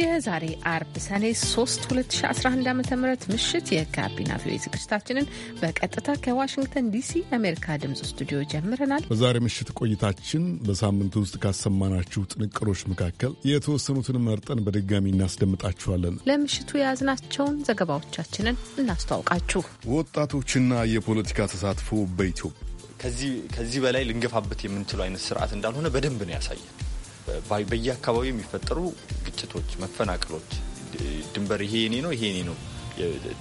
የዛሬ አርብ ሰኔ 3 2011 ዓ ም ምሽት የጋቢና ቪኦኤ ዝግጅታችንን በቀጥታ ከዋሽንግተን ዲሲ የአሜሪካ ድምፅ ስቱዲዮ ጀምረናል። በዛሬ ምሽት ቆይታችን በሳምንት ውስጥ ካሰማናችሁ ጥንቅሮች መካከል የተወሰኑትን መርጠን በድጋሚ እናስደምጣችኋለን። ለምሽቱ የያዝናቸውን ዘገባዎቻችንን እናስተዋውቃችሁ። ወጣቶችና የፖለቲካ ተሳትፎ በኢትዮጵያ ከዚህ በላይ ልንገፋበት የምንችለው አይነት ስርዓት እንዳልሆነ በደንብ ነው ያሳየን። በየአካባቢው የሚፈጠሩ ግጭቶች፣ መፈናቀሎች፣ ድንበር ይሄ የኔ ነው ይሄ የኔ ነው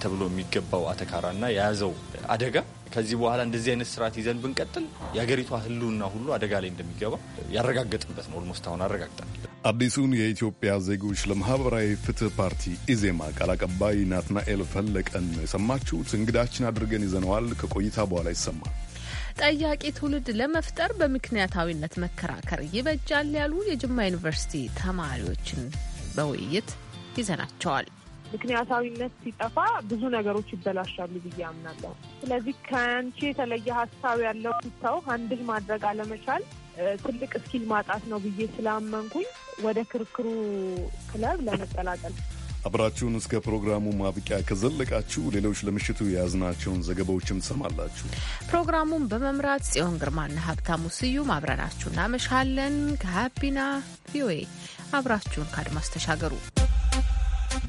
ተብሎ የሚገባው አተካራና የያዘው አደጋ ከዚህ በኋላ እንደዚህ አይነት ስርዓት ይዘን ብንቀጥል የሀገሪቷ ሕልውና ሁሉ አደጋ ላይ እንደሚገባ ያረጋገጥንበት ነው። ኦልሞስት አሁን አረጋግጠናል። አዲሱን የኢትዮጵያ ዜጎች ለማህበራዊ ፍትህ ፓርቲ ኢዜማ ቃል አቀባይ ናትናኤል ፈለቀን የሰማችሁት እንግዳችን አድርገን ይዘነዋል። ከቆይታ በኋላ ይሰማል። ጠያቂ ትውልድ ለመፍጠር በምክንያታዊነት መከራከር ይበጃል ያሉ የጅማ ዩኒቨርሲቲ ተማሪዎችን በውይይት ይዘናቸዋል። ምክንያታዊነት ሲጠፋ ብዙ ነገሮች ይበላሻሉ ብዬ አምናለሁ። ስለዚህ ከአንቺ የተለየ ሀሳብ ያለው ሰው አንድል ማድረግ አለመቻል ትልቅ እስኪል ማጣት ነው ብዬ ስላመንኩኝ ወደ ክርክሩ ክለብ ለመቀላቀል አብራችሁን እስከ ፕሮግራሙ ማብቂያ ከዘለቃችሁ ሌሎች ለምሽቱ የያዝናቸውን ዘገባዎችም ትሰማላችሁ። ፕሮግራሙን በመምራት ጽዮን ግርማና ሀብታሙ ስዩም አብረናችሁ እናመሻለን። ከሀቢና ቪኦኤ አብራችሁን ከአድማስ ተሻገሩ።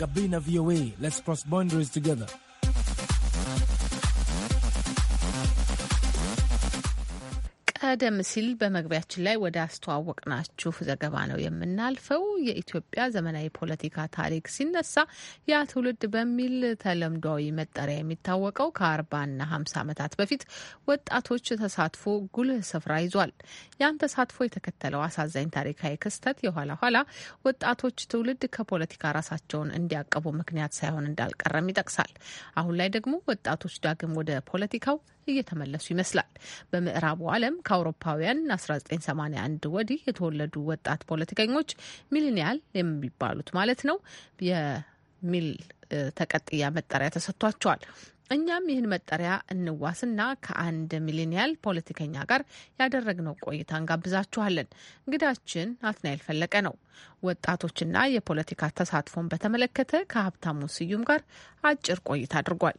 ጋቢና ቪኦኤ ስ ክሮስ ባውንደሪስ ቀደም ሲል በመግቢያችን ላይ ወደ አስተዋወቅናችሁ ዘገባ ነው የምናልፈው። የኢትዮጵያ ዘመናዊ ፖለቲካ ታሪክ ሲነሳ ያ ትውልድ በሚል ተለምዷዊ መጠሪያ የሚታወቀው ከአርባና ሀምሳ ዓመታት በፊት ወጣቶች ተሳትፎ ጉልህ ስፍራ ይዟል። ያን ተሳትፎ የተከተለው አሳዛኝ ታሪካዊ ክስተት የኋላ ኋላ ወጣቶች ትውልድ ከፖለቲካ ራሳቸውን እንዲያቀቡ ምክንያት ሳይሆን እንዳልቀረም ይጠቅሳል። አሁን ላይ ደግሞ ወጣቶች ዳግም ወደ ፖለቲካው እየተመለሱ ይመስላል። በምዕራቡ ዓለም ከአውሮፓውያን 1981 ወዲህ የተወለዱ ወጣት ፖለቲከኞች ሚሊኒያል የሚባሉት ማለት ነው የሚል ተቀጥያ መጠሪያ ተሰጥቷቸዋል። እኛም ይህን መጠሪያ እንዋስና ከአንድ ሚሊኒያል ፖለቲከኛ ጋር ያደረግነው ቆይታ እንጋብዛችኋለን። እንግዳችን አትናኤል ፈለቀ ነው። ወጣቶችና የፖለቲካ ተሳትፎን በተመለከተ ከሀብታሙ ስዩም ጋር አጭር ቆይታ አድርጓል።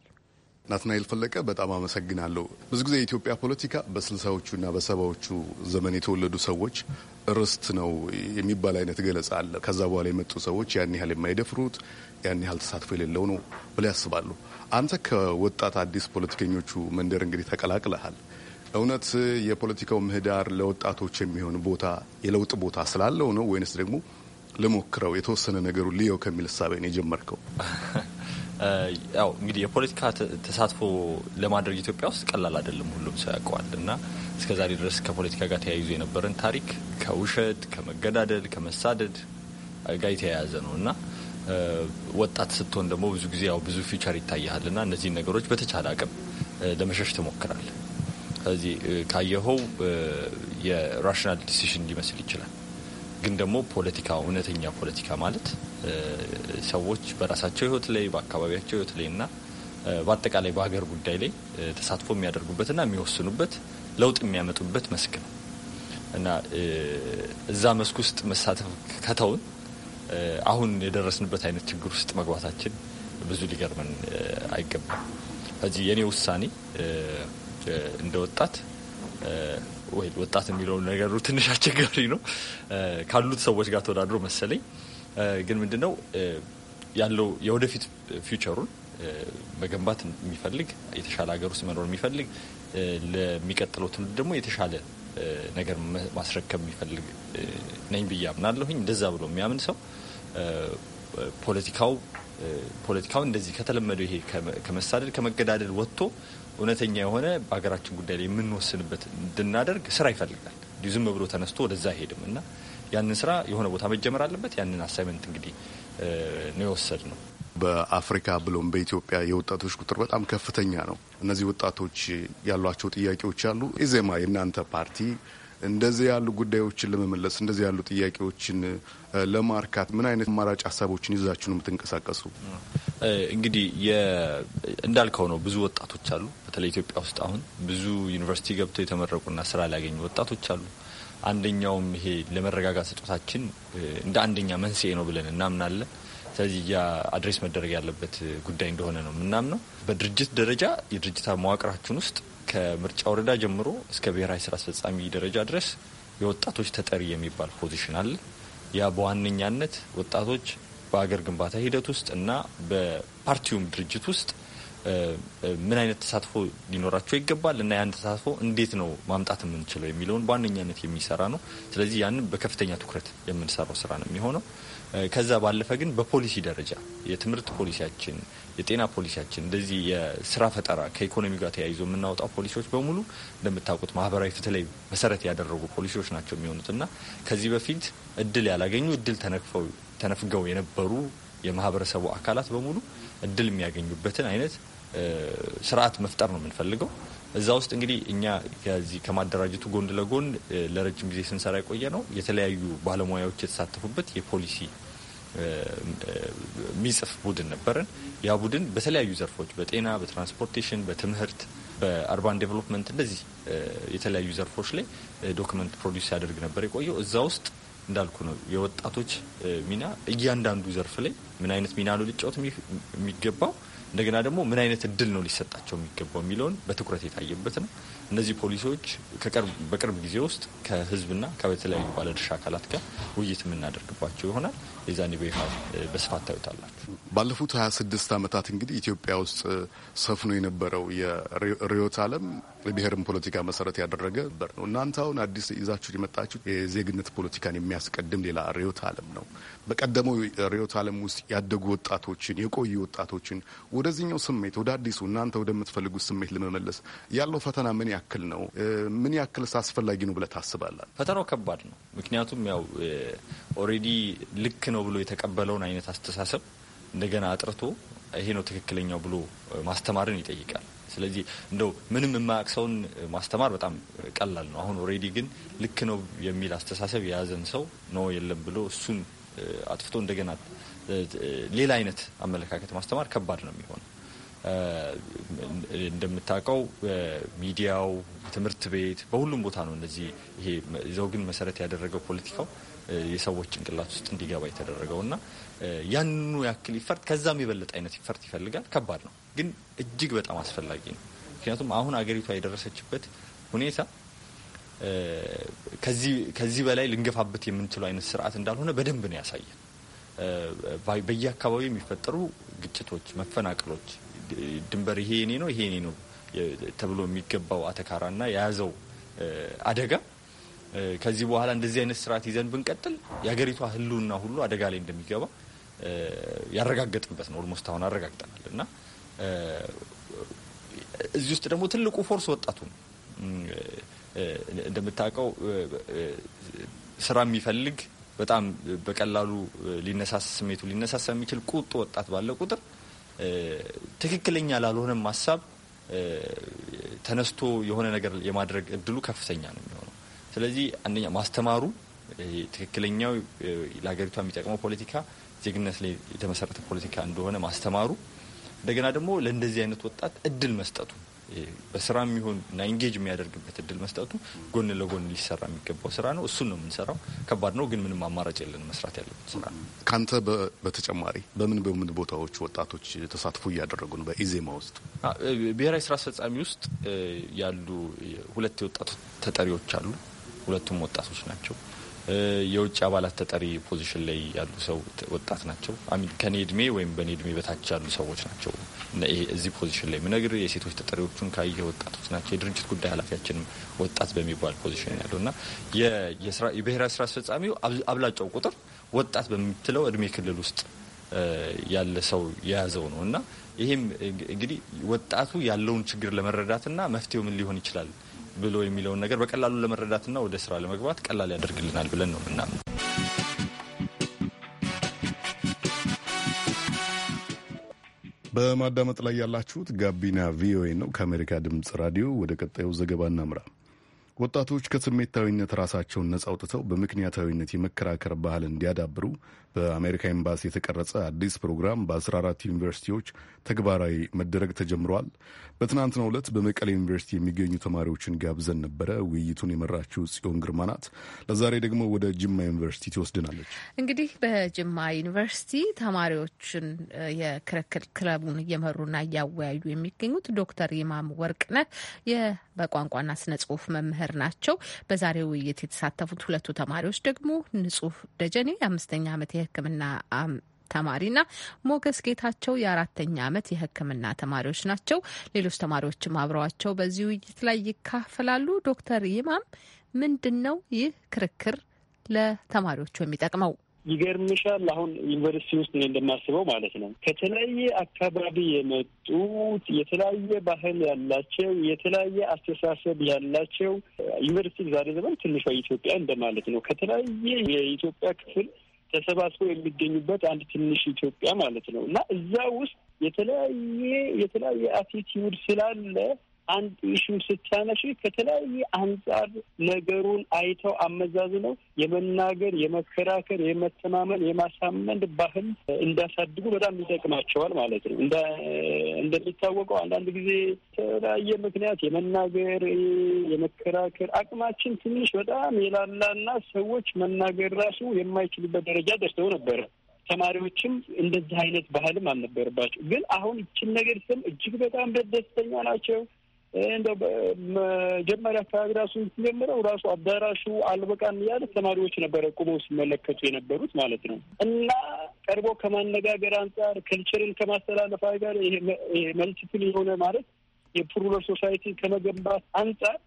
ናትናኤል ፈለቀ በጣም አመሰግናለሁ። ብዙ ጊዜ የኢትዮጵያ ፖለቲካ በስልሳዎቹና በሰባዎቹ ዘመን የተወለዱ ሰዎች ርስት ነው የሚባል አይነት ገለጻ አለ። ከዛ በኋላ የመጡ ሰዎች ያን ያህል የማይደፍሩት ያን ያህል ተሳትፎ የሌለው ነው ብለው ያስባሉ። አንተ ከወጣት አዲስ ፖለቲከኞቹ መንደር እንግዲህ ተቀላቅለሃል። እውነት የፖለቲካው ምህዳር ለወጣቶች የሚሆን ቦታ የለውጥ ቦታ ስላለው ነው ወይንስ ደግሞ ልሞክረው የተወሰነ ነገሩ ልየው ከሚል እሳቤ ነው የጀመርከው? ያው እንግዲህ የፖለቲካ ተሳትፎ ለማድረግ ኢትዮጵያ ውስጥ ቀላል አይደለም፣ ሁሉም ሰው ያውቀዋል። እና ዛሬ ድረስ ከፖለቲካ ጋር ተያይዞ የነበረን ታሪክ ከውሸት፣ ከመገዳደል፣ ከመሳደድ ጋር የተያያዘ ነው እና ወጣት ስትሆን ደግሞ ብዙ ጊዜ ያው ብዙ ፊውቸር ይታያል እና እነዚህን ነገሮች በተቻለ አቅም ለመሸሽ ትሞክራል። ስለዚህ ካየኸው የራሽናል ዲሲሽን ሊመስል ይችላል ግን ደግሞ ፖለቲካ እውነተኛ ፖለቲካ ማለት ሰዎች በራሳቸው ህይወት ላይ በአካባቢያቸው ህይወት ላይ እና በአጠቃላይ በሀገር ጉዳይ ላይ ተሳትፎ የሚያደርጉበትና የሚወስኑበት ለውጥ የሚያመጡበት መስክ ነው እና እዛ መስክ ውስጥ መሳተፍ ከተውን አሁን የደረስንበት አይነት ችግር ውስጥ መግባታችን ብዙ ሊገርመን አይገባም። ከዚህ የእኔ ውሳኔ እንደ ወጣት ወይ ወጣት የሚለውን ነገሩ ትንሽ አስቸጋሪ ነው። ካሉት ሰዎች ጋር ተወዳድሮ መሰለኝ። ግን ምንድነው ያለው የወደፊት ፊውቸሩን መገንባት የሚፈልግ የተሻለ ሀገር ውስጥ መኖር የሚፈልግ ለሚቀጥለው ትውልድ ደግሞ የተሻለ ነገር ማስረከብ የሚፈልግ ነኝ ብዬ አምናለሁኝ። እንደዛ ብሎ የሚያምን ሰው ፖለቲካው ፖለቲካው እንደዚህ ከተለመደው ይሄ ከመሳደድ ከመገዳደል ወጥቶ እውነተኛ የሆነ በሀገራችን ጉዳይ ላይ የምንወስንበት እንድናደርግ ስራ ይፈልጋል። እንዲሁ ዝም ብሎ ተነስቶ ወደዛ አይሄድም እና ያንን ስራ የሆነ ቦታ መጀመር አለበት። ያንን አሳይመንት እንግዲህ ነው የወሰድ ነው። በአፍሪካ ብሎም በኢትዮጵያ የወጣቶች ቁጥር በጣም ከፍተኛ ነው። እነዚህ ወጣቶች ያሏቸው ጥያቄዎች አሉ። ኢዜማ የእናንተ ፓርቲ እንደዚህ ያሉ ጉዳዮችን ለመመለስ እንደዚህ ያሉ ጥያቄዎችን ለማርካት ምን አይነት አማራጭ ሀሳቦችን ይዛችሁ ነው የምትንቀሳቀሱ? እንግዲህ እንዳልከው ነው። ብዙ ወጣቶች አሉ። በተለይ ኢትዮጵያ ውስጥ አሁን ብዙ ዩኒቨርሲቲ ገብተው የተመረቁና ስራ ሊያገኙ ወጣቶች አሉ። አንደኛውም ይሄ ለመረጋጋት ስጦታችን እንደ አንደኛ መንስኤ ነው ብለን እናምናለን። ስለዚህ አድሬስ መደረግ ያለበት ጉዳይ እንደሆነ ነው የምናምነው። በድርጅት ደረጃ የድርጅታ መዋቅራችን ውስጥ ከምርጫ ወረዳ ጀምሮ እስከ ብሔራዊ ስራ አስፈጻሚ ደረጃ ድረስ የወጣቶች ተጠሪ የሚባል ፖዚሽን አለ። ያ በዋነኛነት ወጣቶች በሀገር ግንባታ ሂደት ውስጥ እና በፓርቲውም ድርጅት ውስጥ ምን አይነት ተሳትፎ ሊኖራቸው ይገባል እና ያን ተሳትፎ እንዴት ነው ማምጣት የምንችለው የሚለውን በዋነኛነት የሚሰራ ነው። ስለዚህ ያንን በከፍተኛ ትኩረት የምንሰራው ስራ ነው የሚሆነው። ከዛ ባለፈ ግን በፖሊሲ ደረጃ የትምህርት ፖሊሲያችን፣ የጤና ፖሊሲያችን እንደዚህ የስራ ፈጠራ ከኢኮኖሚ ጋር ተያይዞ የምናወጣው ፖሊሲዎች በሙሉ እንደምታውቁት ማህበራዊ ፍትህ ላይ መሰረት ያደረጉ ፖሊሲዎች ናቸው የሚሆኑት እና ከዚህ በፊት እድል ያላገኙ እድል ተነፍገው የነበሩ የማህበረሰቡ አካላት በሙሉ እድል የሚያገኙበትን አይነት ስርዓት መፍጠር ነው የምንፈልገው። እዛ ውስጥ እንግዲህ እኛ ከዚህ ከማደራጀቱ ጎን ለጎን ለረጅም ጊዜ ስንሰራ የቆየ ነው የተለያዩ ባለሙያዎች የተሳተፉበት የፖሊሲ የሚጽፍ ቡድን ነበረን። ያ ቡድን በተለያዩ ዘርፎች በጤና፣ በትራንስፖርቴሽን፣ በትምህርት፣ በአርባን ዴቨሎፕመንት እንደዚህ የተለያዩ ዘርፎች ላይ ዶክመንት ፕሮዲስ ሲያደርግ ነበር የቆየው እዛ ውስጥ እንዳልኩ ነው የወጣቶች ሚና እያንዳንዱ ዘርፍ ላይ ምን አይነት ሚና ነው ሊጫወት የሚገባው እንደገና ደግሞ ምን አይነት እድል ነው ሊሰጣቸው የሚገባው የሚለውን በትኩረት የታየበት ነው። እነዚህ ፖሊሲዎች በቅርብ ጊዜ ውስጥ ከህዝብና ከተለያዩ ባለድርሻ አካላት ጋር ውይይት የምናደርግባቸው ይሆናል። የዛኔ በይፋ በስፋት ታዩታላችሁ። ባለፉት 26 ዓመታት እንግዲህ ኢትዮጵያ ውስጥ ሰፍኖ የነበረው የርዕዮተ ዓለም የብሔርን ፖለቲካ መሰረት ያደረገ በር ነው። እናንተ አሁን አዲስ ይዛችሁ የመጣችሁ የዜግነት ፖለቲካን የሚያስቀድም ሌላ ርዕዮተ ዓለም ነው። በቀደመው ርዕዮተ ዓለም ውስጥ ያደጉ ወጣቶችን የቆዩ ወጣቶችን ወደዚህኛው ስሜት ወደ አዲሱ እናንተ ወደምትፈልጉት ስሜት ለመመለስ ያለው ፈተና ምን ያክል ነው? ምን ያክልስ አስፈላጊ ነው ብለህ ታስባለህ? ፈተናው ከባድ ነው። ምክንያቱም ያው ኦልሬዲ ልክ ነው ብሎ የተቀበለውን አይነት አስተሳሰብ እንደገና አጥርቶ ይሄ ነው ትክክለኛው ብሎ ማስተማርን ይጠይቃል። ስለዚህ እንደው ምንም የማያቅሰውን ማስተማር በጣም ቀላል ነው። አሁን ኦልሬዲ ግን ልክ ነው የሚል አስተሳሰብ የያዘን ሰው ነው የለም ብሎ እሱን አጥፍቶ እንደገና ሌላ አይነት አመለካከት ማስተማር ከባድ ነው የሚሆነው። እንደምታውቀው ሚዲያው፣ ትምህርት ቤት፣ በሁሉም ቦታ ነው እነዚህ ይሄ ዘውግን መሰረት ያደረገው ፖለቲካው የሰዎች ጭንቅላት ውስጥ እንዲገባ የተደረገው እና ያንኑ ያክል ይፈርት ከዛም የበለጠ አይነት ይፈርት ይፈልጋል። ከባድ ነው። ግን እጅግ በጣም አስፈላጊ ነው። ምክንያቱም አሁን አገሪቷ የደረሰችበት ሁኔታ ከዚህ በላይ ልንገፋበት የምንችለው አይነት ስርዓት እንዳልሆነ በደንብ ነው ያሳየን። በየአካባቢው የሚፈጠሩ ግጭቶች፣ መፈናቀሎች፣ ድንበር ይሄ የኔ ነው ይሄ የኔ ነው ተብሎ የሚገባው አተካራና የያዘው አደጋ ከዚህ በኋላ እንደዚህ አይነት ስርዓት ይዘን ብንቀጥል የሀገሪቷ ህሉና ሁሉ አደጋ ላይ እንደሚገባ ያረጋገጥንበት ነው። ኦልሞስት አሁን አረጋግጠናል እና እዚህ ውስጥ ደግሞ ትልቁ ፎርስ ወጣቱ ነው። እንደምታውቀው ስራ የሚፈልግ በጣም በቀላሉ ሊነሳሳ ስሜቱ ሊነሳሳ የሚችል ቁጡ ወጣት ባለ ቁጥር ትክክለኛ ላልሆነም ሀሳብ ተነስቶ የሆነ ነገር የማድረግ እድሉ ከፍተኛ ነው የሚሆነው። ስለዚህ አንደኛ ማስተማሩ ትክክለኛው ለሀገሪቷ የሚጠቅመው ፖለቲካ ዜግነት ላይ የተመሰረተ ፖለቲካ እንደሆነ ማስተማሩ እንደገና ደግሞ ለእንደዚህ አይነት ወጣት እድል መስጠቱ በስራ የሚሆን እና ኢንጌጅ የሚያደርግበት እድል መስጠቱ ጎን ለጎን ሊሰራ የሚገባው ስራ ነው። እሱን ነው የምንሰራው። ከባድ ነው፣ ግን ምንም አማራጭ የለን። መስራት ያለብን ስራ ነው። ከአንተ በተጨማሪ በምን በምን ቦታዎች ወጣቶች ተሳትፎ እያደረጉ ነው? በኢዜማ ውስጥ ብሔራዊ ስራ አስፈጻሚ ውስጥ ያሉ ሁለት የወጣት ተጠሪዎች አሉ። ሁለቱም ወጣቶች ናቸው። የውጭ አባላት ተጠሪ ፖዚሽን ላይ ያሉ ሰው ወጣት ናቸው። አሚን ከኔ እድሜ ወይም በኔ እድሜ በታች ያሉ ሰዎች ናቸው። እዚህ ፖዚሽን ላይ ምነግር የሴቶች ተጠሪዎቹን ካየ ወጣቶች ናቸው። የድርጅት ጉዳይ ኃላፊያችንም ወጣት በሚባል ፖዚሽን ያለው እና የብሔራዊ ስራ አስፈጻሚው አብላጫው ቁጥር ወጣት በምትለው እድሜ ክልል ውስጥ ያለ ሰው የያዘው ነው እና ይህም እንግዲህ ወጣቱ ያለውን ችግር ለመረዳትና መፍትሄው ምን ሊሆን ይችላል ብሎ የሚለውን ነገር በቀላሉ ለመረዳትና ወደ ስራ ለመግባት ቀላል ያደርግልናል ብለን ነው ምናምን በማዳመጥ ላይ ያላችሁት ጋቢና ቪኦኤ ነው ከአሜሪካ ድምፅ ራዲዮ። ወደ ቀጣዩ ዘገባ እናምራ። ወጣቶች ከስሜታዊነት ራሳቸውን ነጻ አውጥተው በምክንያታዊነት የመከራከር ባህል እንዲያዳብሩ በአሜሪካ ኤምባሲ የተቀረጸ አዲስ ፕሮግራም በ14 ዩኒቨርሲቲዎች ተግባራዊ መደረግ ተጀምሯል። በትናንትናው ዕለት በመቀሌ ዩኒቨርሲቲ የሚገኙ ተማሪዎችን ጋብዘን ነበረ። ውይይቱን የመራችው ጽዮን ግርማ ናት። ለዛሬ ደግሞ ወደ ጅማ ዩኒቨርሲቲ ትወስድናለች። እንግዲህ በጅማ ዩኒቨርሲቲ ተማሪዎችን የክርክር ክለቡን እየመሩና እያወያዩ የሚገኙት ዶክተር ይማም ወርቅነህ በቋንቋና ስነ ጽሁፍ መምህር መምህር ናቸው። በዛሬው ውይይት የተሳተፉት ሁለቱ ተማሪዎች ደግሞ ንጹህ ደጀኔ የአምስተኛ ዓመት የሕክምና ተማሪና ሞገስ ጌታቸው የአራተኛ ዓመት የሕክምና ተማሪዎች ናቸው። ሌሎች ተማሪዎችም አብረዋቸው በዚህ ውይይት ላይ ይካፈላሉ። ዶክተር ይማም ምንድን ነው ይህ ክርክር ለተማሪዎቹ የሚጠቅመው? ይገርምሻል አሁን ዩኒቨርሲቲ ውስጥ እኔ እንደማስበው ማለት ነው ከተለያየ አካባቢ የመጡት የተለያየ ባህል ያላቸው የተለያየ አስተሳሰብ ያላቸው ዩኒቨርሲቲ ዛሬ ዘመን ትንሿ ኢትዮጵያ እንደማለት ነው። ከተለያየ የኢትዮጵያ ክፍል ተሰባስበው የሚገኙበት አንድ ትንሽ ኢትዮጵያ ማለት ነው እና እዛ ውስጥ የተለያየ የተለያየ አቲቲዩድ ስላለ አንድ ኢሹ ስታነሽ ከተለያየ አንጻር ነገሩን አይተው አመዛዝነው የመናገር፣ የመከራከር፣ የመተማመን፣ የማሳመን ባህል እንዳሳድጉ በጣም ይጠቅማቸዋል ማለት ነው። እንደሚታወቀው አንዳንድ ጊዜ የተለያየ ምክንያት የመናገር፣ የመከራከር አቅማችን ትንሽ በጣም የላላና ሰዎች መናገር ራሱ የማይችሉበት ደረጃ ደርሰው ነበረ። ተማሪዎችም እንደዚህ አይነት ባህልም አልነበረባቸው። ግን አሁን ይችን ነገር ስም እጅግ በጣም ደስተኛ ናቸው። እንደ መጀመሪያ አካባቢ ራሱ ሲጀምረው ራሱ አዳራሹ አልበቃን እያለ ተማሪዎች ነበረ ቁመው ሲመለከቱ የነበሩት ማለት ነው። እና ቀርቦ ከማነጋገር አንጻር ከልቸርን ከማስተላለፍ ጋር ይሄ መልቲፕል የሆነ ማለት የፕሩለር ሶሳይቲ ከመገንባት አንጻር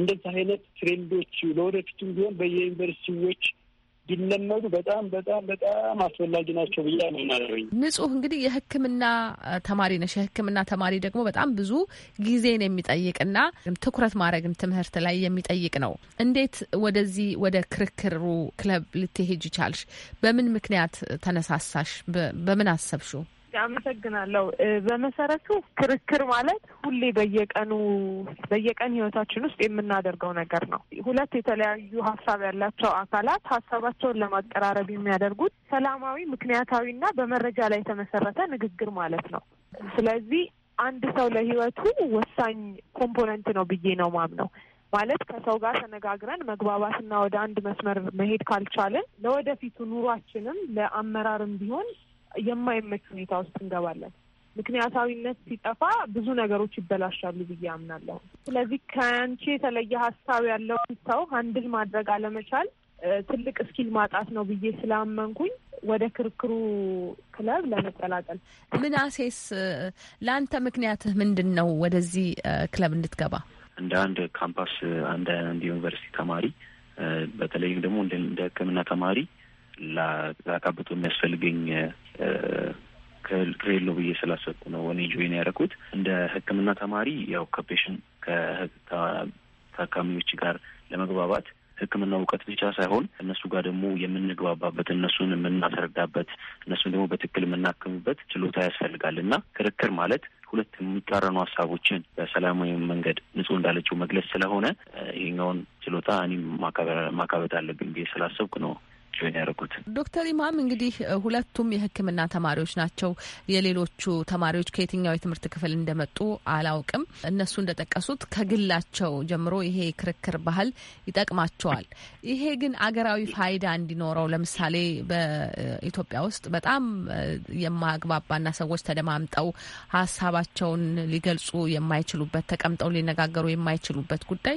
እንደዚህ አይነት ትሬንዶች ለወደፊቱም ቢሆን በየዩኒቨርሲቲዎች ቢለመዱ በጣም በጣም በጣም አስፈላጊ ናቸው ብዬ አምናለሁ። ንጹህ እንግዲህ የህክምና ተማሪ ነሽ። የህክምና ተማሪ ደግሞ በጣም ብዙ ጊዜን የሚጠይቅና ትኩረት ማድረግን ትምህርት ላይ የሚጠይቅ ነው። እንዴት ወደዚህ ወደ ክርክሩ ክለብ ልትሄጅ ቻልሽ? በምን ምክንያት ተነሳሳሽ? በምን አሰብሽው? አመሰግናለሁ። በመሰረቱ ክርክር ማለት ሁሌ በየቀኑ በየቀን ህይወታችን ውስጥ የምናደርገው ነገር ነው። ሁለት የተለያዩ ሀሳብ ያላቸው አካላት ሀሳባቸውን ለማቀራረብ የሚያደርጉት ሰላማዊ፣ ምክንያታዊ እና በመረጃ ላይ የተመሰረተ ንግግር ማለት ነው። ስለዚህ አንድ ሰው ለህይወቱ ወሳኝ ኮምፖነንት ነው ብዬ ነው ማምነው። ማለት ከሰው ጋር ተነጋግረን መግባባትና ወደ አንድ መስመር መሄድ ካልቻልን ለወደፊቱ ኑሯችንም ለአመራርም ቢሆን የማይመች ሁኔታ ውስጥ እንገባለን። ምክንያታዊነት ሲጠፋ ብዙ ነገሮች ይበላሻሉ ብዬ አምናለሁ። ስለዚህ ከአንቺ የተለየ ሀሳብ ያለውን ሰው አንድል ማድረግ አለመቻል ትልቅ እስኪል ማጣት ነው ብዬ ስላመንኩኝ ወደ ክርክሩ ክለብ ለመቀላቀል። ምናሴስ ለአንተ ምክንያትህ ምንድን ነው ወደዚህ ክለብ እንድትገባ? እንደ አንድ ካምፓስ እንደ አንድ ዩኒቨርሲቲ ተማሪ በተለይም ደግሞ እንደ ሕክምና ተማሪ ላካብቶ የሚያስፈልገኝ ከሌለው ብዬ ስላሰብኩ ነው እኔ ጆይን ያደረኩት። እንደ ሕክምና ተማሪ ያው ከፔሽን ከታካሚዎች ጋር ለመግባባት ሕክምና እውቀት ብቻ ሳይሆን እነሱ ጋር ደግሞ የምንግባባበት እነሱን የምናስረዳበት እነሱን ደግሞ በትክክል የምናክምበት ችሎታ ያስፈልጋል እና ክርክር ማለት ሁለት የሚቃረኑ ሀሳቦችን በሰላማዊ መንገድ ንጹህ እንዳለችው መግለጽ ስለሆነ ይሄኛውን ችሎታ እኔም ማካበት አለብኝ ብዬ ስላሰብኩ ነው ጆይን ያደርጉት። ዶክተር ኢማም እንግዲህ ሁለቱም የህክምና ተማሪዎች ናቸው። የሌሎቹ ተማሪዎች ከየትኛው የትምህርት ክፍል እንደመጡ አላውቅም። እነሱ እንደጠቀሱት ከግላቸው ጀምሮ ይሄ ክርክር ባህል ይጠቅማቸዋል። ይሄ ግን አገራዊ ፋይዳ እንዲኖረው ለምሳሌ በኢትዮጵያ ውስጥ በጣም የማግባባና ሰዎች ተደማምጠው ሀሳባቸውን ሊገልጹ የማይችሉበት ተቀምጠው ሊነጋገሩ የማይችሉበት ጉዳይ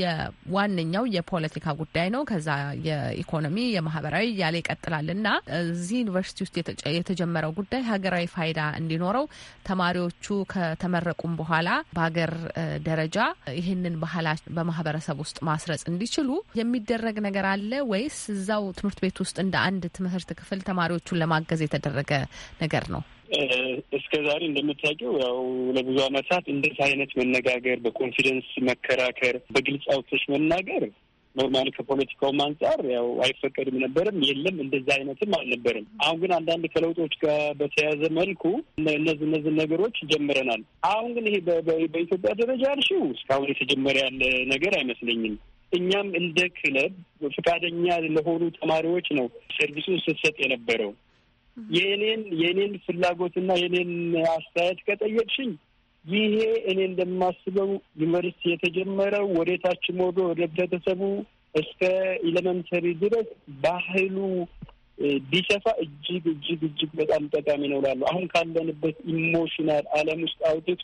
የዋነኛው የፖለቲካ ጉዳይ ነው። ከዛ የኢኮኖሚ ማህበራዊ እያለ ይቀጥላል እና እዚህ ዩኒቨርሲቲ ውስጥ የተጀመረው ጉዳይ ሀገራዊ ፋይዳ እንዲኖረው ተማሪዎቹ ከተመረቁም በኋላ በሀገር ደረጃ ይህንን ባህላ በማህበረሰብ ውስጥ ማስረጽ እንዲችሉ የሚደረግ ነገር አለ ወይስ እዛው ትምህርት ቤት ውስጥ እንደ አንድ ትምህርት ክፍል ተማሪዎቹን ለማገዝ የተደረገ ነገር ነው? እስከ ዛሬ እንደምታውቂው ያው ለብዙ ዓመታት እንደዚህ አይነት መነጋገር፣ በኮንፊደንስ መከራከር፣ በግልጽ አውቶች መናገር ኖርማሊ ከፖለቲካውም አንጻር ያው አይፈቀድም ነበርም የለም እንደዛ አይነትም አልነበርም። አሁን ግን አንዳንድ ከለውጦች ጋር በተያያዘ መልኩ እነዚህ እነዚህ ነገሮች ጀምረናል። አሁን ግን ይሄ በኢትዮጵያ ደረጃ ያልሽው እስካሁን የተጀመረ ያለ ነገር አይመስለኝም። እኛም እንደ ክለብ ፈቃደኛ ለሆኑ ተማሪዎች ነው ሰርቪሱን ስትሰጥ የነበረው። የኔን የኔን ፍላጎትና የኔን አስተያየት ከጠየቅሽኝ ይሄ እኔ እንደማስበው ዩኒቨርሲቲ የተጀመረው ወደታችም ሞዶ ወደ ህብረተሰቡ እስከ ኢለመንተሪ ድረስ ባህሉ ቢሰፋ እጅግ እጅግ እጅግ በጣም ጠቃሚ ነው እላለሁ። አሁን ካለንበት ኢሞሽናል ዓለም ውስጥ አውጥቶ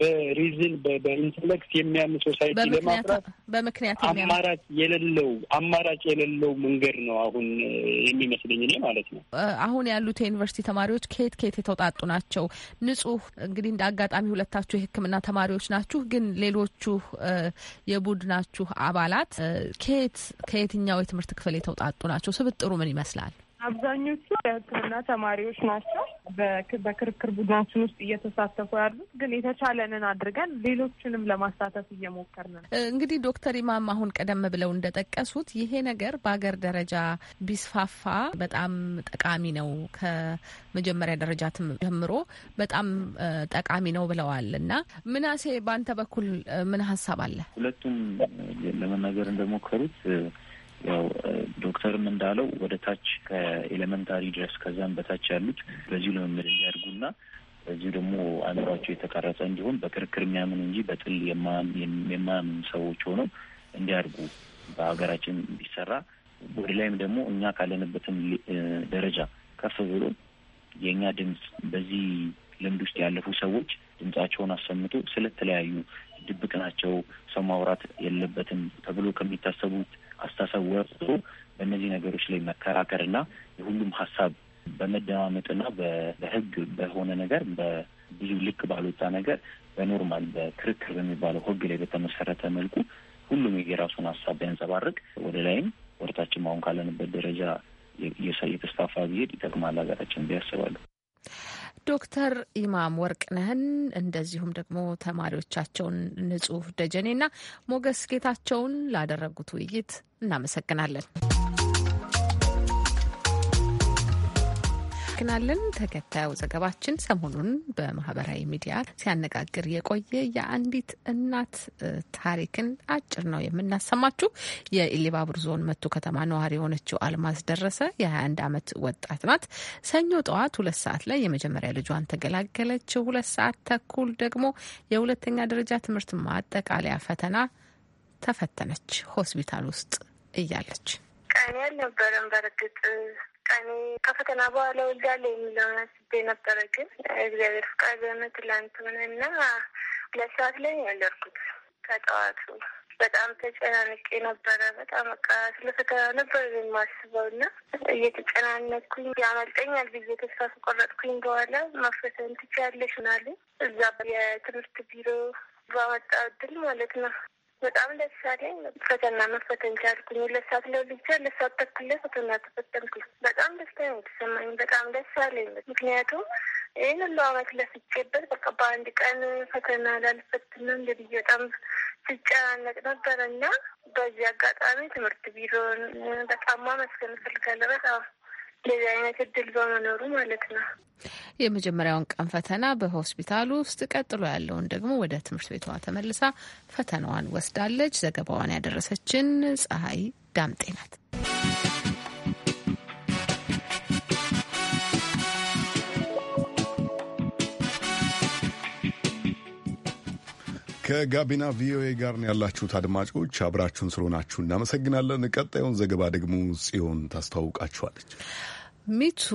በሪዝን በኢንተሌክት የሚያምን ሶሳይቲ ለማፍራት በምክንያት አማራጭ የሌለው አማራጭ የሌለው መንገድ ነው አሁን የሚመስለኝ እኔ ማለት ነው። አሁን ያሉት የዩኒቨርሲቲ ተማሪዎች ከየት ከየት የተውጣጡ ናቸው? ንጹህ እንግዲህ እንደ አጋጣሚ ሁለታችሁ የሕክምና ተማሪዎች ናችሁ፣ ግን ሌሎቹ የቡድናችሁ አባላት ከየት ከየትኛው የትምህርት ክፍል የተውጣጡ ናቸው? ስብጥሩ ምን ይመስላል? አብዛኞቹ የሕክምና ተማሪዎች ናቸው በክርክር ቡድናችን ውስጥ እየተሳተፉ ያሉት። ግን የተቻለንን አድርገን ሌሎችንም ለማሳተፍ እየሞከርን ነው። እንግዲህ ዶክተር ኢማም አሁን ቀደም ብለው እንደጠቀሱት ይሄ ነገር በሀገር ደረጃ ቢስፋፋ በጣም ጠቃሚ ነው፣ ከመጀመሪያ ደረጃ ጀምሮ በጣም ጠቃሚ ነው ብለዋል እና ምናሴ በአንተ በኩል ምን ሀሳብ አለ? ሁለቱም ለመናገር እንደሞከሩት ያው ዶክተርም እንዳለው ወደ ታች ከኤሌመንታሪ ድረስ ከዛም በታች ያሉት በዚሁ ልምምድ እንዲያድጉና በዚሁ ደግሞ አእምሯቸው የተቀረጸ እንዲሆን በክርክር የሚያምን እንጂ በጥል የማያምን ሰዎች ሆነው እንዲያድጉ በሀገራችን ቢሰራ ወደ ላይም ደግሞ እኛ ካለንበትም ደረጃ ከፍ ብሎ የእኛ ድምፅ በዚህ ልምድ ውስጥ ያለፉ ሰዎች ድምጻቸውን አሰምቶ ስለተለያዩ ድብቅ ናቸው ሰው ማውራት የለበትም ተብሎ ከሚታሰቡት አስተሳሰብ ወጥቶ በእነዚህ ነገሮች ላይ መከራከርና የሁሉም ሀሳብ በመደማመጥና በህግ በሆነ ነገር በብዙ ልክ ባልወጣ ነገር በኖርማል በክርክር በሚባለው ህግ ላይ በተመሰረተ መልኩ ሁሉም የራሱን ሀሳብ ቢያንጸባርቅ ወደ ላይም ወደታችም አሁን ካለንበት ደረጃ የተስፋፋ ብሄድ ይጠቅማል ሀገራችን ቢያስባሉ። ዶክተር ኢማም ወርቅነህን እንደዚሁም ደግሞ ተማሪዎቻቸውን ንጹህ ደጀኔና ሞገስ ጌታቸውን ላደረጉት ውይይት እናመሰግናለን። እናመሰግናለን። ተከታዩ ዘገባችን ሰሞኑን በማህበራዊ ሚዲያ ሲያነጋግር የቆየ የአንዲት እናት ታሪክን አጭር ነው የምናሰማችሁ። የኢሊባቡር ዞን መቱ ከተማ ነዋሪ የሆነችው አልማዝ ደረሰ የ21 ዓመት ወጣት ናት። ሰኞ ጠዋት ሁለት ሰዓት ላይ የመጀመሪያ ልጇን ተገላገለች። ሁለት ሰዓት ተኩል ደግሞ የሁለተኛ ደረጃ ትምህርት ማጠቃለያ ፈተና ተፈተነች ሆስፒታል ውስጥ እያለች ቀኔ አልነበረም በእርግጥ እኔ ከፈተና በኋላ ወልዳለሁ የሚለውን አስቤ ነበረ። ግን እግዚአብሔር ፍቃድ ሆነ ትላንት ሆነ እና ሁለት ሰዓት ላይ ያለርኩት ከጠዋቱ በጣም ተጨናንቄ ነበረ። በጣም በቃ ስለፈተና ነበር የማስበው እና እየተጨናነኩኝ ያመልጠኛል ብዬ ተስፋ ስቆረጥኩኝ በኋላ መፈተን ትችያለሽ ምናምን እዛ የትምህርት ቢሮ ባመጣ እድል ማለት ነው በጣም ደስ አለኝ። ፈተና መፈተን ቻልኩኝ። ለሳት ለብቻ ለሳት ሰዓት ተኩል ፈተና ተፈተንኩ። በጣም ደስታ ነው የተሰማኝ። በጣም ደስ አለኝ። ምክንያቱም ይህን ሁሉ አመት ለፍቼበት በቃ በአንድ ቀን ፈተና ላልፈትነ እንደ በጣም ስጨናነቅ ነበረ እና በዚህ አጋጣሚ ትምህርት ቢሮን በጣም ማመስገን እፈልጋለሁ በጣም እንደዚህ አይነት እድል በመኖሩ ማለት ነው። የመጀመሪያውን ቀን ፈተና በሆስፒታል ውስጥ ቀጥሎ ያለውን ደግሞ ወደ ትምህርት ቤቷ ተመልሳ ፈተናዋን ወስዳለች። ዘገባዋን ያደረሰችን ፀሐይ ዳምጤ ናት። ከጋቢና ቪኦኤ ጋር ነው ያላችሁት። አድማጮች አብራችሁን ስለሆናችሁ እናመሰግናለን። ቀጣዩን ዘገባ ደግሞ ጽዮን ታስተዋውቃችኋለች። ሚቱ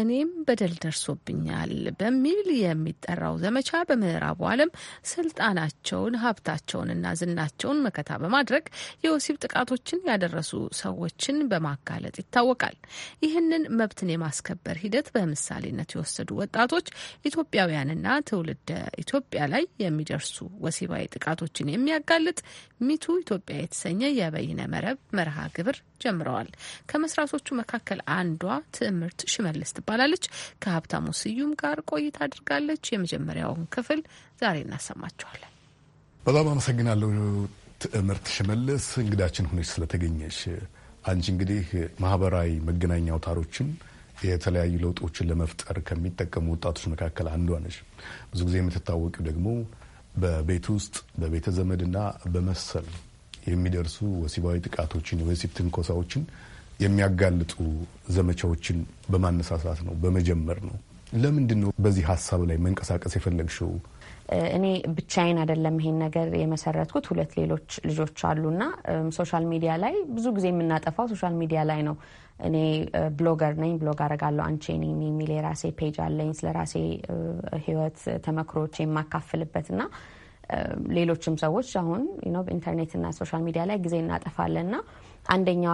እኔም በደል ደርሶብኛል በሚል የሚጠራው ዘመቻ በምዕራቡ ዓለም ስልጣናቸውን፣ ሀብታቸውንና ዝናቸውን መከታ በማድረግ የወሲብ ጥቃቶችን ያደረሱ ሰዎችን በማጋለጥ ይታወቃል። ይህንን መብትን የማስከበር ሂደት በምሳሌነት የወሰዱ ወጣቶች ኢትዮጵያውያንና ትውልደ ኢትዮጵያ ላይ የሚደርሱ ወሲባዊ ጥቃቶችን የሚያጋልጥ ሚቱ ኢትዮጵያ የተሰኘ የበይነ መረብ መርሃ ግብር ጀምረዋል። ከመስራቶቹ መካከል አንዷ ትዕምርት ሽመልስ ትባላለች። ከሀብታሙ ስዩም ጋር ቆይታ አድርጋለች። የመጀመሪያውን ክፍል ዛሬ እናሰማችኋለን። በጣም አመሰግናለሁ ትምህርት ሽመልስ እንግዳችን ሆነች ስለተገኘች። አንቺ እንግዲህ ማህበራዊ መገናኛ አውታሮችን የተለያዩ ለውጦችን ለመፍጠር ከሚጠቀሙ ወጣቶች መካከል አንዷ ነች። ብዙ ጊዜ የምትታወቂው ደግሞ በቤት ውስጥ በቤተ ዘመድና በመሰል የሚደርሱ ወሲባዊ ጥቃቶችን፣ የወሲብ ትንኮሳዎችን የሚያጋልጡ ዘመቻዎችን በማነሳሳት ነው፣ በመጀመር ነው። ለምንድን ነው በዚህ ሀሳብ ላይ መንቀሳቀስ የፈለግሽው? እኔ ብቻዬን አይደለም ይሄን ነገር የመሰረትኩት፣ ሁለት ሌሎች ልጆች አሉና ሶሻል ሚዲያ ላይ ብዙ ጊዜ የምናጠፋው ሶሻል ሚዲያ ላይ ነው። እኔ ብሎገር ነኝ፣ ብሎግ አረጋለሁ። አንቺ ኔ የሚል የራሴ ፔጅ አለኝ፣ ስለ ራሴ ህይወት ተመክሮች የማካፍልበት እና ሌሎችም ሰዎች አሁን ኢንተርኔትና ሶሻል ሚዲያ ላይ ጊዜ እናጠፋለን ና አንደኛዋ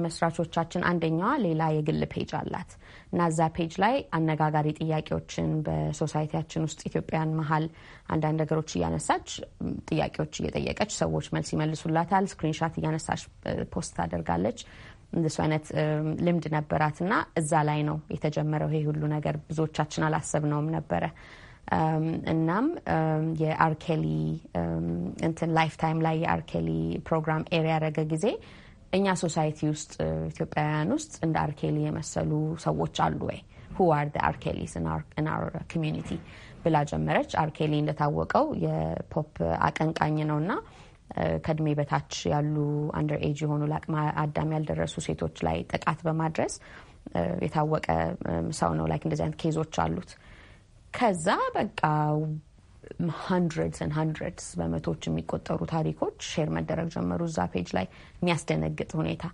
ከመስራቾቻችን አንደኛዋ ሌላ የግል ፔጅ አላት እና እዛ ፔጅ ላይ አነጋጋሪ ጥያቄዎችን በሶሳይቲያችን ውስጥ ኢትዮጵያን መሀል አንዳንድ ነገሮች እያነሳች ጥያቄዎች እየጠየቀች ሰዎች መልስ ይመልሱላታል። ስክሪንሻት እያነሳች ፖስት ታደርጋለች። እንደሱ አይነት ልምድ ነበራት እና እዛ ላይ ነው የተጀመረው ይሄ ሁሉ ነገር። ብዙዎቻችን አላሰብነውም ነበረ። Um, እናም um, የአርኬሊ um, እንትን ላይፍ ታይም ላይ የአርኬሊ ፕሮግራም ኤር ያደረገ ጊዜ እኛ ሶሳይቲ ውስጥ ኢትዮጵያውያን ውስጥ እንደ አርኬሊ የመሰሉ ሰዎች አሉ ወይ ሁ አር አርኬሊስ ኢንር ኮሚኒቲ ብላ ጀመረች። አርኬሊ እንደታወቀው የፖፕ አቀንቃኝ ነውና uh, ከእድሜ በታች ያሉ አንደር ኤጅ የሆኑ ለአቅመ አዳም ያልደረሱ ሴቶች ላይ ጥቃት በማድረስ uh, የታወቀ ሰው ነው። ላይክ እንደዚህ አይነት ኬዞች አሉት። ከዛ በቃ ሀንድረድስ ን ሀንድረድስ በመቶዎች የሚቆጠሩ ታሪኮች ሼር መደረግ ጀመሩ እዛ ፔጅ ላይ የሚያስደነግጥ ሁኔታ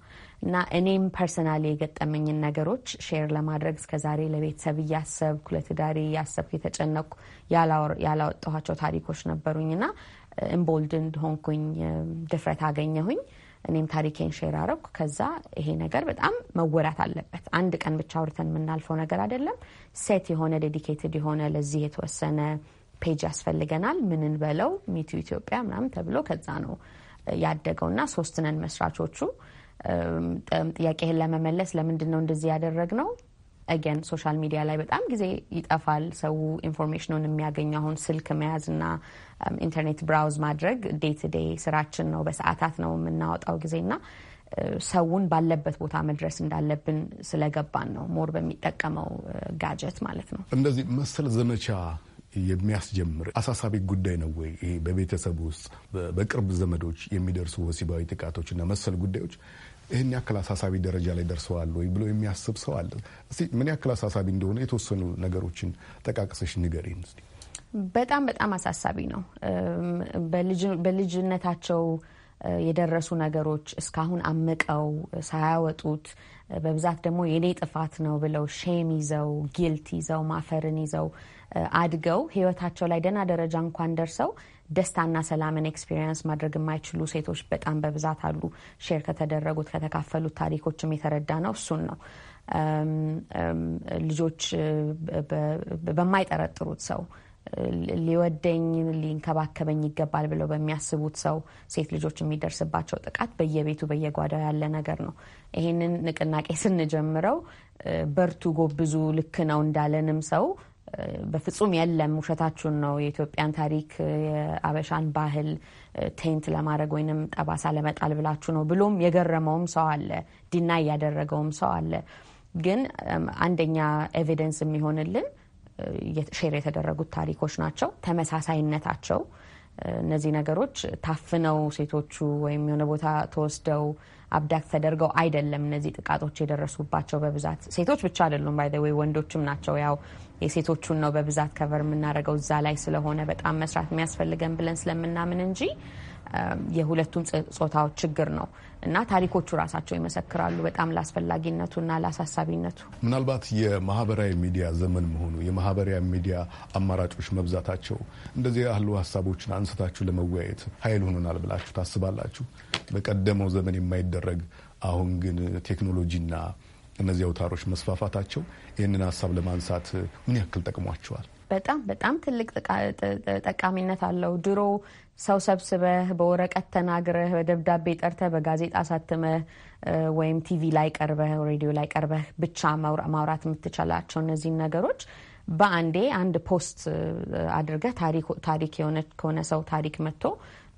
እና እኔም ፐርሰናሊ የገጠመኝን ነገሮች ሼር ለማድረግ እስከዛሬ ለቤተሰብ እያሰብኩ ለትዳሬ እያሰብኩ የተጨነኩ ያላወጣኋቸው ታሪኮች ነበሩኝ ና ኢምቦልድንድ ሆንኩኝ፣ ድፍረት አገኘሁኝ። እኔም ታሪኬን ሼር አረኩ። ከዛ ይሄ ነገር በጣም መወራት አለበት። አንድ ቀን ብቻ አውርተን የምናልፈው ነገር አይደለም። ሴት የሆነ ዴዲኬትድ የሆነ ለዚህ የተወሰነ ፔጅ ያስፈልገናል። ምንን በለው ሚቱ ኢትዮጵያ ምናምን ተብሎ ከዛ ነው ያደገው እና ሶስት ነን መስራቾቹ። ጥያቄህን ለመመለስ ለምንድን ነው እንደዚህ ያደረግ ነው አገን ሶሻል ሚዲያ ላይ በጣም ጊዜ ይጠፋል። ሰው ኢንፎርሜሽኑን የሚያገኘው አሁን ስልክ መያዝና ኢንተርኔት ብራውዝ ማድረግ ዴይ ቱ ዴይ ስራችን ነው። በሰዓታት ነው የምናወጣው ጊዜና uh, ሰውን ባለበት ቦታ መድረስ እንዳለብን ስለገባን ነው ሞር በሚጠቀመው ጋጀት uh, ማለት ነው። እንደዚህ መሰል ዘመቻ የሚያስጀምር አሳሳቢ ጉዳይ ነው ወይ? ይሄ በቤተሰብ ውስጥ በቅርብ ዘመዶች የሚደርሱ ወሲባዊ ጥቃቶችና መሰል ጉዳዮች ይህን ያክል አሳሳቢ ደረጃ ላይ ደርሰዋል ወይ ብሎ የሚያስብ ሰው አለ። እስቲ ምን ያክል አሳሳቢ እንደሆነ የተወሰኑ ነገሮችን ጠቃቅሰሽ ንገሪን። በጣም በጣም አሳሳቢ ነው። በልጅነታቸው የደረሱ ነገሮች እስካሁን አምቀው ሳያወጡት በብዛት ደግሞ የኔ ጥፋት ነው ብለው ሼም ይዘው ጊልት ይዘው ማፈርን ይዘው አድገው ህይወታቸው ላይ ደህና ደረጃ እንኳን ደርሰው ደስታና ሰላምን ኤክስፔሪንስ ማድረግ የማይችሉ ሴቶች በጣም በብዛት አሉ። ሼር ከተደረጉት ከተካፈሉት ታሪኮችም የተረዳ ነው እሱን ነው ልጆች በማይጠረጥሩት ሰው ሊወደኝ ሊንከባከበኝ ይገባል ብለው በሚያስቡት ሰው ሴት ልጆች የሚደርስባቸው ጥቃት በየቤቱ በየጓዳው ያለ ነገር ነው። ይህንን ንቅናቄ ስንጀምረው በርቱ፣ ጎብዙ ልክ ነው እንዳለንም ሰው በፍጹም የለም፣ ውሸታችሁን ነው፣ የኢትዮጵያን ታሪክ የአበሻን ባህል ቴንት ለማድረግ ወይንም ጠባሳ ለመጣል ብላችሁ ነው ብሎም የገረመውም ሰው አለ፣ ዲና እያደረገውም ሰው አለ። ግን አንደኛ ኤቪደንስ የሚሆንልን ሼር የተደረጉት ታሪኮች ናቸው። ተመሳሳይነታቸው እነዚህ ነገሮች ታፍነው ሴቶቹ ወይም የሆነ ቦታ ተወስደው አብዳክት ተደርገው አይደለም። እነዚህ ጥቃቶች የደረሱባቸው በብዛት ሴቶች ብቻ አይደሉም። ባይ ወይ ወንዶችም ናቸው ያው የሴቶቹን ነው በብዛት ከቨር የምናደርገው እዛ ላይ ስለሆነ በጣም መስራት የሚያስፈልገን ብለን ስለምናምን እንጂ የሁለቱም ጾታዎች ችግር ነው እና ታሪኮቹ ራሳቸው ይመሰክራሉ በጣም ለአስፈላጊነቱና ለአሳሳቢነቱ። ምናልባት የማህበራዊ ሚዲያ ዘመን መሆኑ፣ የማህበራዊ ሚዲያ አማራጮች መብዛታቸው እንደዚህ ያሉ ሀሳቦችን አንስታችሁ ለመወያየት ኃይል ሆኖናል ብላችሁ ታስባላችሁ? በቀደመው ዘመን የማይደረግ አሁን ግን ቴክኖሎጂና እነዚህ አውታሮች መስፋፋታቸው ይህንን ሀሳብ ለማንሳት ምን ያክል ጠቅሟቸዋል? በጣም በጣም ትልቅ ጠቃሚነት አለው። ድሮ ሰው ሰብስበህ በወረቀት ተናግረህ በደብዳቤ ጠርተህ በጋዜጣ ሳትመህ ወይም ቲቪ ላይ ቀርበህ ሬዲዮ ላይ ቀርበህ ብቻ ማውራት የምትችላቸው እነዚህን ነገሮች በአንዴ አንድ ፖስት አድርገህ ታሪክ የሆነ ከሆነ ሰው ታሪክ መጥቶ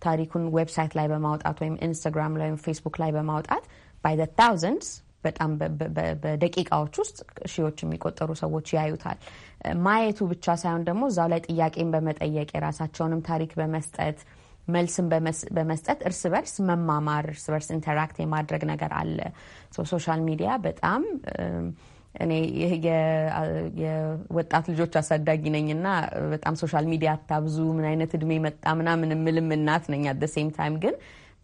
ታሪኩን ዌብሳይት ላይ በማውጣት ወይም ኢንስታግራም ላይ ወይም ፌስቡክ ላይ በማውጣት ባይ ዘ ታውዘንድስ በጣም በደቂቃዎች ውስጥ ሺዎች የሚቆጠሩ ሰዎች ያዩታል። ማየቱ ብቻ ሳይሆን ደግሞ እዛው ላይ ጥያቄን በመጠየቅ የራሳቸውንም ታሪክ በመስጠት መልስን በመስጠት እርስ በርስ መማማር፣ እርስ በርስ ኢንተራክት የማድረግ ነገር አለ። ሶሻል ሚዲያ በጣም እኔ የወጣት ልጆች አሳዳጊ ነኝ እና በጣም ሶሻል ሚዲያ አታብዙ፣ ምን አይነት እድሜ መጣ ምናምን የምልም እናት ነኝ። አት ደ ሴም ታይም ግን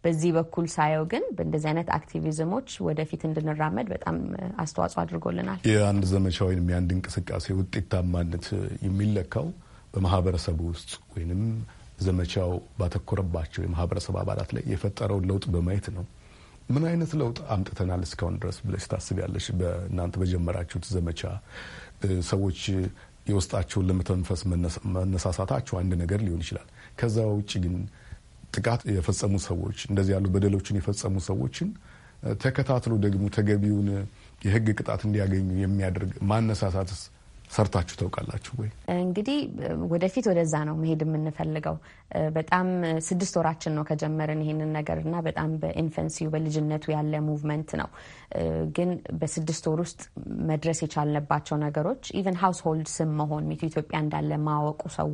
በዚህ በኩል ሳየው ግን በእንደዚህ አይነት አክቲቪዝሞች ወደፊት እንድንራመድ በጣም አስተዋጽኦ አድርጎልናል። የአንድ ዘመቻ ወይም የአንድ እንቅስቃሴ ውጤታማነት የሚለካው በማህበረሰቡ ውስጥ ወይንም ዘመቻው ባተኮረባቸው የማህበረሰብ አባላት ላይ የፈጠረውን ለውጥ በማየት ነው። ምን አይነት ለውጥ አምጥተናል እስካሁን ድረስ ብለሽ ታስቢያለሽ? በእናንተ በጀመራችሁት ዘመቻ ሰዎች የውስጣቸውን ለመተንፈስ መነሳሳታቸው አንድ ነገር ሊሆን ይችላል። ከዛ ውጭ ግን ጥቃት የፈጸሙ ሰዎች እንደዚህ ያሉ በደሎችን የፈጸሙ ሰዎችን ተከታትሎ ደግሞ ተገቢውን የህግ ቅጣት እንዲያገኙ የሚያደርግ ማነሳሳት ሰርታችሁ ታውቃላችሁ ወይ? እንግዲህ ወደፊት ወደዛ ነው መሄድ የምንፈልገው። በጣም ስድስት ወራችን ነው ከጀመርን ይሄንን ነገር እና በጣም በኢንፈንሲው በልጅነቱ ያለ ሙቭመንት ነው። ግን በስድስት ወር ውስጥ መድረስ የቻልንባቸው ነገሮች ኢቨን ሀውስሆልድ ስም መሆን ሚቱ ኢትዮጵያ እንዳለ ማወቁ ሰው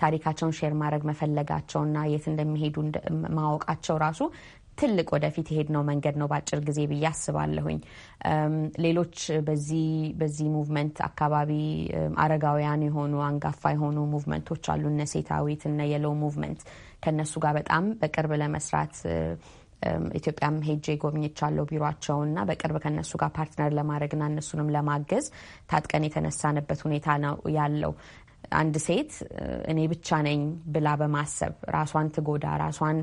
ታሪካቸውን ሼር ማድረግ መፈለጋቸውና የት እንደሚሄዱ ማወቃቸው ራሱ ትልቅ ወደፊት የሄድነው መንገድ ነው በአጭር ጊዜ ብዬ አስባለሁኝ። ሌሎች በዚህ በዚህ ሙቭመንት አካባቢ አረጋውያን የሆኑ አንጋፋ የሆኑ ሙቭመንቶች አሉ። እነ ሴታዊት እነ የለው ሙቭመንት ከእነሱ ጋር በጣም በቅርብ ለመስራት ኢትዮጵያም ሄጄ ጎብኝቻለሁ ቢሮቸውና በቅርብ ከእነሱ ጋር ፓርትነር ለማድረግና እነሱንም ለማገዝ ታጥቀን የተነሳንበት ሁኔታ ነው ያለው። አንድ ሴት እኔ ብቻ ነኝ ብላ በማሰብ ራሷን ትጎዳ፣ ራሷን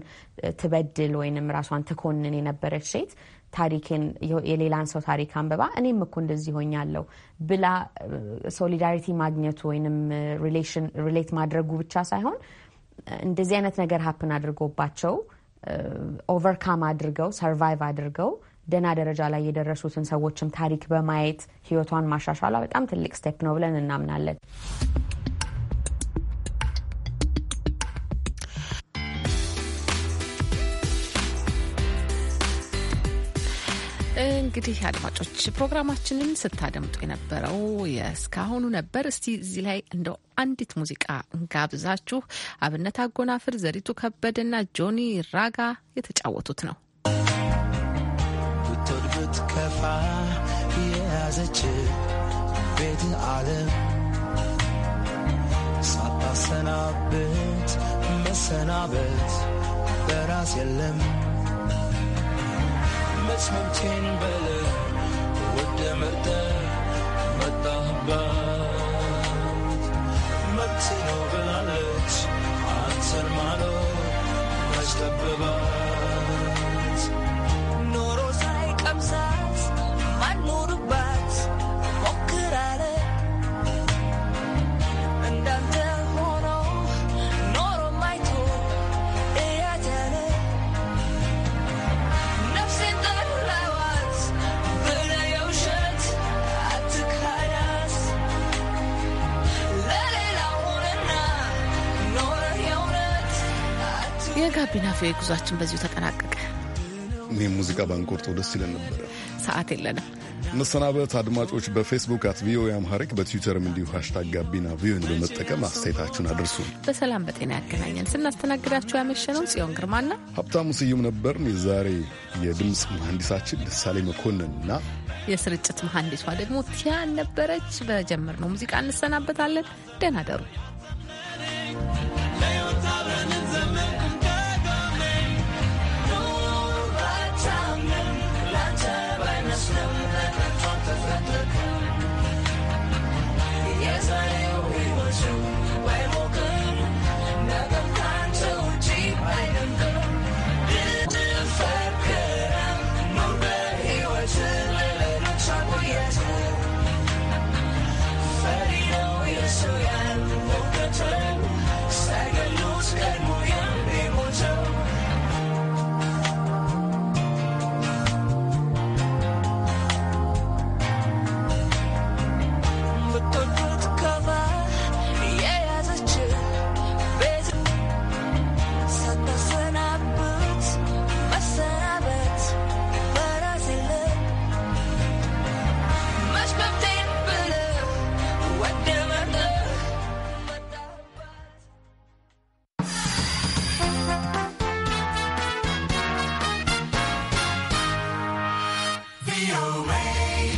ትበድል ወይንም ራሷን ትኮንን የነበረች ሴት ታሪክን የሌላን ሰው ታሪክ አንብባ እኔም እኮ እንደዚህ ሆኛለሁ ብላ ሶሊዳሪቲ ማግኘቱ ወይንም ሪሌት ማድረጉ ብቻ ሳይሆን እንደዚህ አይነት ነገር ሀፕን አድርጎባቸው ኦቨርካም አድርገው ሰርቫይቭ አድርገው ደህና ደረጃ ላይ የደረሱትን ሰዎችም ታሪክ በማየት ህይወቷን ማሻሻሏ በጣም ትልቅ ስቴፕ ነው ብለን እናምናለን። እንግዲህ አድማጮች ፕሮግራማችንን ስታደምጡ የነበረው የእስካሁኑ ነበር። እስቲ እዚህ ላይ እንደው አንዲት ሙዚቃ እንጋብዛችሁ። አብነት አጎናፍር፣ ዘሪቱ ከበደና ጆኒ ራጋ የተጫወቱት ነው። ብትወድ ከፋ የያዘች ቤት አለም ሳታሰናብት መሰናበት በራስ የለም ዓመት መብቴን በለ ወደ መጠ መጣህባት መብት ነው ብላለች አንተን ማለው የቪኦኤ ጉዟችን በዚሁ ተጠናቀቀ። እኔም ሙዚቃ ባንቆርጠው ደስ ይለን ነበረ፣ ሰዓት የለንም። መሰናበት አድማጮች፣ በፌስቡክ አት ቪኦኤ አምሃሪክ በትዊተርም እንዲሁ ሀሽታግ ጋቢና ቪኦኤን በመጠቀም አስተያየታችሁን አድርሱ። በሰላም በጤና ያገናኘን። ስናስተናግዳችሁ ያመሸነው ጽዮን ግርማና ሀብታሙ ስዩም ነበርን። የዛሬ የድምፅ መሐንዲሳችን ደሳሌ መኮንንና የስርጭት መሐንዲሷ ደግሞ ቲያን ነበረች። በጀመርነው ሙዚቃ እንሰናበታለን። ደህና ደሩ።